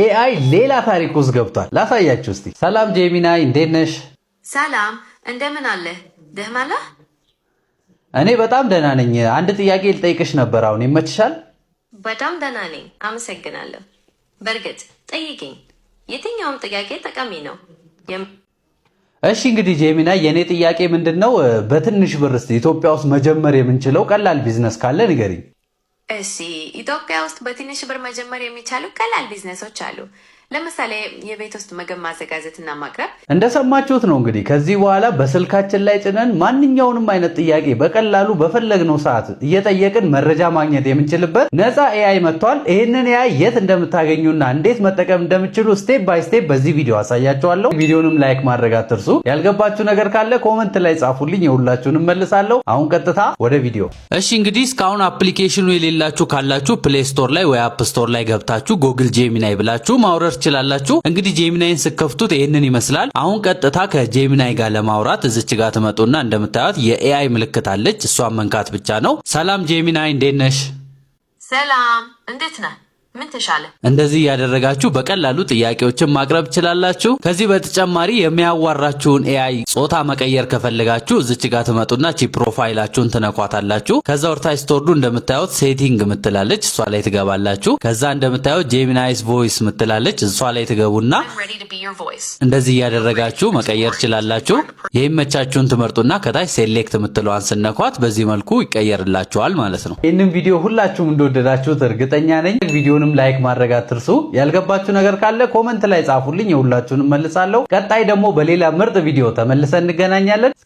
ኤአይ ሌላ ታሪክ ውስጥ ገብቷል። ላሳያችሁ እስቲ። ሰላም ጄሚናይ፣ እንዴት ነሽ? ሰላም፣ እንደምን አለህ? ደህና ነህ? እኔ በጣም ደህና ነኝ። አንድ ጥያቄ ልጠይቅሽ ነበር፣ አሁን ይመችሻል? በጣም ደህና ነኝ፣ አመሰግናለሁ። በእርግጥ ጠይቅኝ፣ የትኛውም ጥያቄ ጠቃሚ ነው። እሺ እንግዲህ ጄሚናይ፣ የእኔ ጥያቄ ምንድን ነው? በትንሽ ብር እስቲ ኢትዮጵያ ውስጥ መጀመር የምንችለው ቀላል ቢዝነስ ካለ ንገሪኝ። እሺ ኢትዮጵያ ውስጥ በትንሽ ብር መጀመር የሚቻሉ ቀላል ቢዝነሶች አሉ። ለምሳሌ የቤት ውስጥ ምግብ ማዘጋጀትና ማቅረብ። እንደሰማችሁት ነው እንግዲህ ከዚህ በኋላ በስልካችን ላይ ጭነን ማንኛውንም አይነት ጥያቄ በቀላሉ በፈለግነው ሰዓት እየጠየቅን መረጃ ማግኘት የምንችልበት ነፃ ኤአይ መጥቷል። ይህንን ኤአይ የት እንደምታገኙና እንዴት መጠቀም እንደምችሉ ስቴፕ ባይ ስቴፕ በዚህ ቪዲዮ አሳያችኋለሁ። ቪዲዮንም ላይክ ማድረግ አትርሱ። ያልገባችሁ ነገር ካለ ኮመንት ላይ ጻፉልኝ፣ የሁላችሁን እመልሳለሁ። አሁን ቀጥታ ወደ ቪዲዮ። እሺ እንግዲህ እስካሁን አፕሊኬሽኑ የሌላችሁ ካላችሁ ፕሌይ ስቶር ላይ ወይ አፕ ስቶር ላይ ገብታችሁ ጎግል ጄሚናይ ብላችሁ ማውረድ መክፈት ትችላላችሁ። እንግዲህ ጄሚናይን ስከፍቱት ይህንን ይመስላል። አሁን ቀጥታ ከጄሚናይ ጋር ለማውራት እዚች ጋር ትመጡና እንደምታዩት የኤአይ ምልክት አለች። እሷን መንካት ብቻ ነው። ሰላም ጄሚናይ፣ እንዴት ነሽ? ሰላም፣ እንዴት ነህ? ምን ተሻለ? እንደዚህ እያደረጋችሁ በቀላሉ ጥያቄዎችን ማቅረብ ትችላላችሁ። ከዚህ በተጨማሪ የሚያዋራችሁን ኤአይ ጾታ መቀየር ከፈለጋችሁ እዚች ጋር ትመጡና ቺ ፕሮፋይላችሁን ትነኳታላችሁ። ከዛ ወርታች ስትወርዱ እንደምታዩት ሴቲንግ ምትላለች፣ እሷ ላይ ትገባላችሁ። ከዛ እንደምታዩት ጄሚናይስ ቮይስ ምትላለች፣ እሷ ላይ ትገቡና እንደዚህ እያደረጋችሁ መቀየር ትችላላችሁ። የሚመቻችሁን ትመርጡና ከታች ሴሌክት የምትለዋን ስነኳት በዚህ መልኩ ይቀየርላችኋል ማለት ነው። ይህንም ቪዲዮ ሁላችሁም እንደወደዳችሁት እርግጠኛ ነኝ። ቪዲዮንም ላይክ ማድረግ አትርሱ። ያልገባችሁ ነገር ካለ ኮመንት ላይ ጻፉልኝ፣ የሁላችሁንም መልሳለሁ። ቀጣይ ደግሞ በሌላ ምርጥ ቪዲዮ ተመልሰን እንገናኛለን።